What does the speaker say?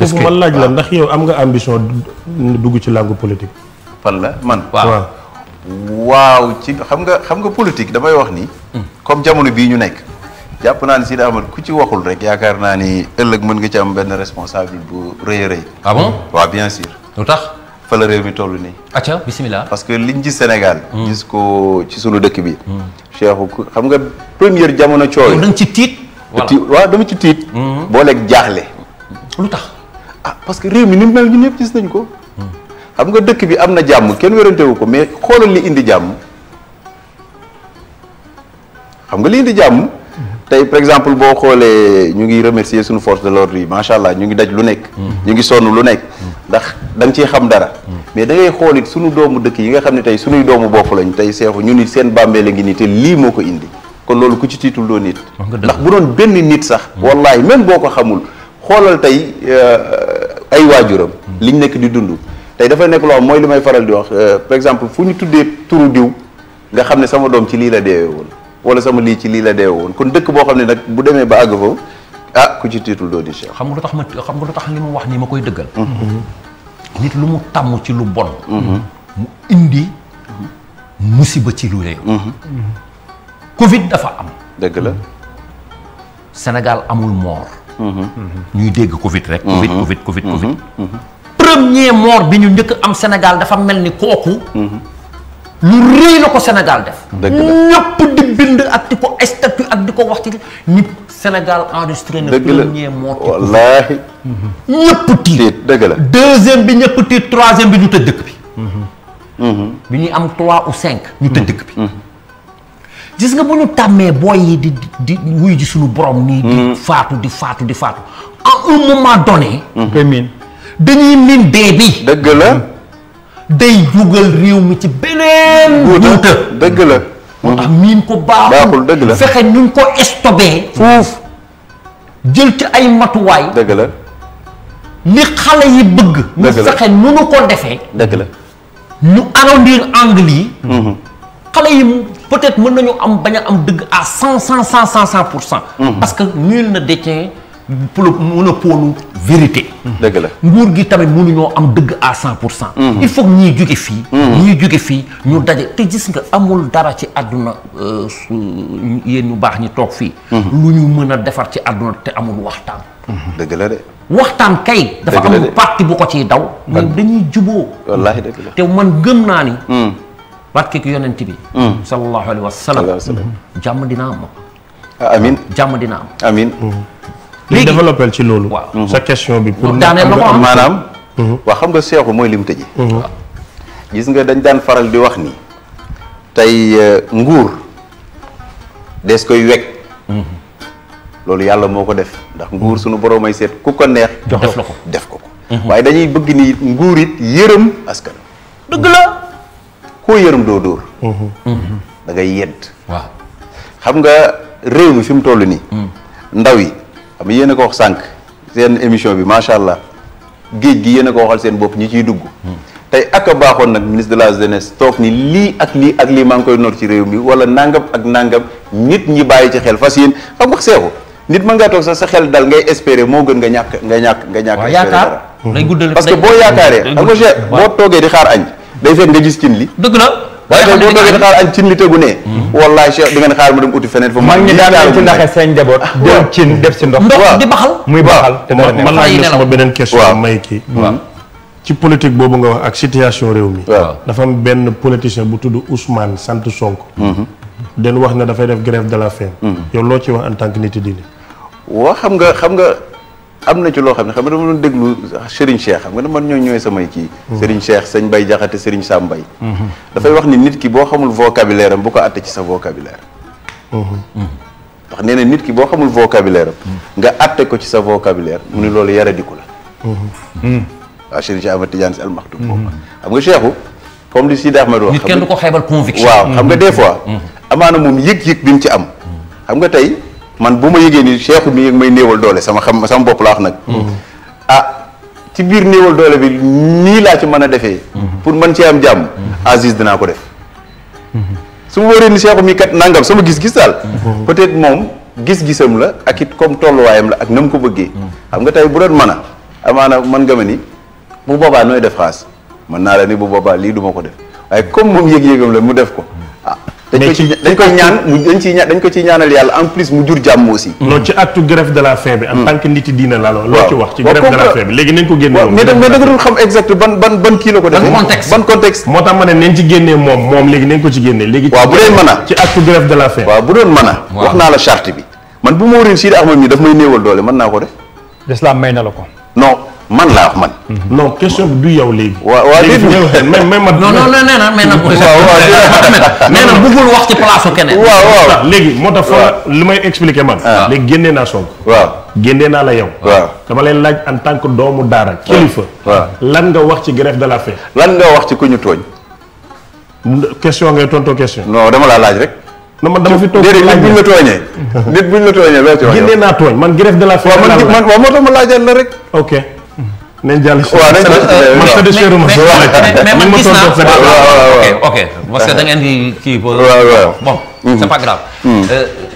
est-ce man laaj la ndax yow am nga ambition dugg ci làngu politique. fan la man waaw. waaw ci xam nga xam nga politique damay wax nii hmm. comme jamono bii ñu nekk. jàpp naa ni Sidi amal ku ci waxul rek yaakaar naa ni ëllëg mën nga ci am benn responsable bu rëy a rëy. ah bien sûr. lu tax fa la réew mi toll nii. acca bisimilah. parce que liñ gis Sénégal. Hmm. gis ko ci sunu dëkk bi. Hmm. Cheikh xam nga première jamono cooy. da nga ci tiit. voilà waaw dama ci tiit. booleeg jaaxle. ah parce que réew mi ni mu mel ñun ñëpp gis nañ ko. xam nga dëkk bi am na jàmm kenn wérantewu ko mais xoolal li indi jàmm xam nga li indi jàmm. tey par exemple boo xoolee ñu ngi remercier suñu force de l'ordre yi macha allah ñu ngi daj lu nekk. ñu ngi sonn lu nekk. ndax da nga ciy xam dara. mais da ngay xool it suñu doomu dëkk yi nga xam ne tey suñuy doomu bokk lañ tey seexu ñu ni seen bàmmee a ngi nii te lii moo ko indi kon loolu ku ci tiitul doo nit. ndax bu doon benn nit sax. wallahi même boo ko xamul xoolal tey. Euh, ay waajuram liñ nekk di dund tey dafay nekk loo mooy li may faral di wax euh, par exemple fu ñu tuddee turu diw nga xam ne sama doom ci lii la deewee woon wala sama lii ci lii la deewee woon kon dëkk boo xam ne nag bu demee ba àgg foofu ah ku ci tiitul doo di chef xam nga lu tax ma xam nga lu tax li ma wax nii ma koy dëggal nit lu mu tàmm ci lu bon mu indi musiba ci lu réew covid dafa am dëgg la Sénégal amul moor ñuy dégg Covid rek. Mm-hmm. Covid Covid Covid Covid. Mm-hmm. Mm-hmm. premier mort bi ñu njëkk am Sénégal dafa mel ni kooku. lu rëy la ko Sénégal def. ñëpp di bind ak di ko statut ak di ko wax ci nit Sénégal enregistré na. premier mort wallaahi. ñëpp tiit dëgg la deuxième bi ñëpp tiit troisième bi ñu tëj dëkk bi. bi ñuy am trois ou cinq. ñu tëj dëkk bi. gis nga bu ñu tàmmee booy yi di di wuy ji suñu borom nii di mm-hmm. faatu di faatu di faatu à un moment donné mm-hmm. dañuy miin dee bi dëgg la day jugal réew mi ci beneen guuta dëgg la mm-hmm. ko dëgg la fexe ñu ko stopé foofu jël ci ay matuwaay dëgg la li xale yi bëgg ñu fexe nu nu ko defee dëgg la ñu arrondir angle xale yi peut-être mën nañu am bañ am dëgg à cent cent cent cent cent pour cent. Mhm. parce que nul ne détient monopole vérité. dëgg la nguur gi tamit ñoo am dëgg à cent pour cent. Mhm. il faut ñuy ñiy jóge fii. Mhm. ñiy jóge fii ñu daje te gis nga amul dara ci àdduna euh, su yéen ñu baax ñi toog fii. lu ñu mën a defar ci àdduna te amul waxtaan. dëgg la de. waxtaan kay. dafa amul parti bu ko ciy daw. mais dañuy juboo. wallaahi dëgg te man gëm naa ni. barke ki yonent bi. Hmm. sallallahu alayhi wa sallam. Hmm. jàmm dina am. Ah, amin jàmm dina am. amin hmm. léegi ci loolu. waaw sa question bi. pour daaneel la ko am maanaam. waa xam nga seexu mooy lim tëjee. gis nga dañ daan faral di wax ni. tey euh, nguur des koy wekk. loolu yàlla moo ko def ndax nguur sunu borom ay seet ku ko neex. def la ko waaye dañuy bëgg ni nguur it yërëm askan. dëgg koo yërëm doo dóor mm-hmm. Mm-hmm. da ngay yedd waaw xam nga réew mi fi mu toll nii mm. ndaw yi xam nga yéen a ko wax sànq seen émission bi macha allah géej gi yéen a ko waxal seen bopp ñi ciy dugg mm. tey ak baaxoon nag ministre de la jeunesse toog ni lii ak lii ak lii maa ngi koy noot ci réew mi wala nangam ak nangam nit ñi bàyyi ci xel fas yéen xam nga seexu nit mën ngaa toog sax sa xel dal ngay espérer moo gën nga ñàkk nga ñàkk nga ñàkk. waaw parce que boo yaakaaree. xam nga boo day fekk nga gis cin li. dëgg la. waaye tey boo toogee xaar ah, muy baxal. te dara nekk mën naa indi sama hmm. boobu nga wax ak situation réew mi. dafa am benn politicien bu tudd Ousmane sant Sonko. Hmm. den wax ne dafay def grève de la faim. Hmm. yow loo ci wax en tant que nit diine. waa xam nga xam nga. am na ci loo xam ne xam nga dama doon déglu Serigne Cheikh xam nga ne man ñoo ñooy samay kii hmm. Serigne Cheikh sëñ Bay Jaxate Serigne Sam Bay hmm. dafay wax ni nit ki boo xamul vocabulaire am bu ko atte ci sa vocabulaire hmm. ndax nee na nit ki boo xamul vocabulaire am nga atte ko ci sa vocabulaire mu ni loolu yaradiku la waaw Serigne Cheikh Ahmad Tidiane Sy Al Maktoum xam nga Cheikhu comme li Sidi Ahmed wax nit kenn du ko xeebal conviction waaw xam nga des fois amaana moom yëg-yëg bi mu ci am xam nga tey man bu ma yëgee ni Cheikhou mi ngi may néewal doole sama xam sama bopp laa wax nag. Mm-hmm. ah ci biir néewal doole bi nii laa ci mën a defee. Mm-hmm. pour man cee am jàmm. Mm-hmm. Aziz dinaa ko def. su ma wóoree ni Cheikhou mi kat nangam sama gis-gis daal. peut-être moom gis-gisam la ak it comme tolluwaayam la ak na mu ko bëggee. xam nga tey bu doon mën a amaana mën nga ma ni bu boobaa nooy def xaas mën naa la ni bu boobaa lii du ma ko def waaye comme moom yëg-yëgam la mu def ko. dañ ko ci dañ koy ñaan mu dañ ciy ñaan dañ ko ciy ñaanal yàlla en plus mu jur jàmm aussi. non ci actu grève de la faim bi. en hmm. que nit diina la loo ci wax ci grève de la faim bi léegi nañ ko génne. moom mais da nga doon xam exact ban ban kii la ko defee. ban contexte moo tax ma ne nañ ci génnee moom moom léegi nañ ko ci génne. léegi waaw bu doon mën a ci actu grève waaw bu doon a. wax naa la man naa ko def. l'islam may na la ko. man laa wax man. non question bi du yow léegi. waa waaw léegi mais mais man. non non nee na mais nag. nee na léegi moo tax fa li may expliquer man. Ah. léegi génnee naa Sonko. waaw génnee naa la yow. dama leen laaj en tant doomu daara. kilifa lan nga wax ci grève de la lan nga wax ci ku ñu tooñ. question ngay tontoo question. non dama laaj rek. non man dama fi toog déedéet la tooñee. nit naa man grève de moo tax ma laajal la rek. ok. nañ jàll si. waaw man satisfairuma mais man gis naa ok ok parce que da ngeen di kii. waaw waaw bon hmm. c'est pas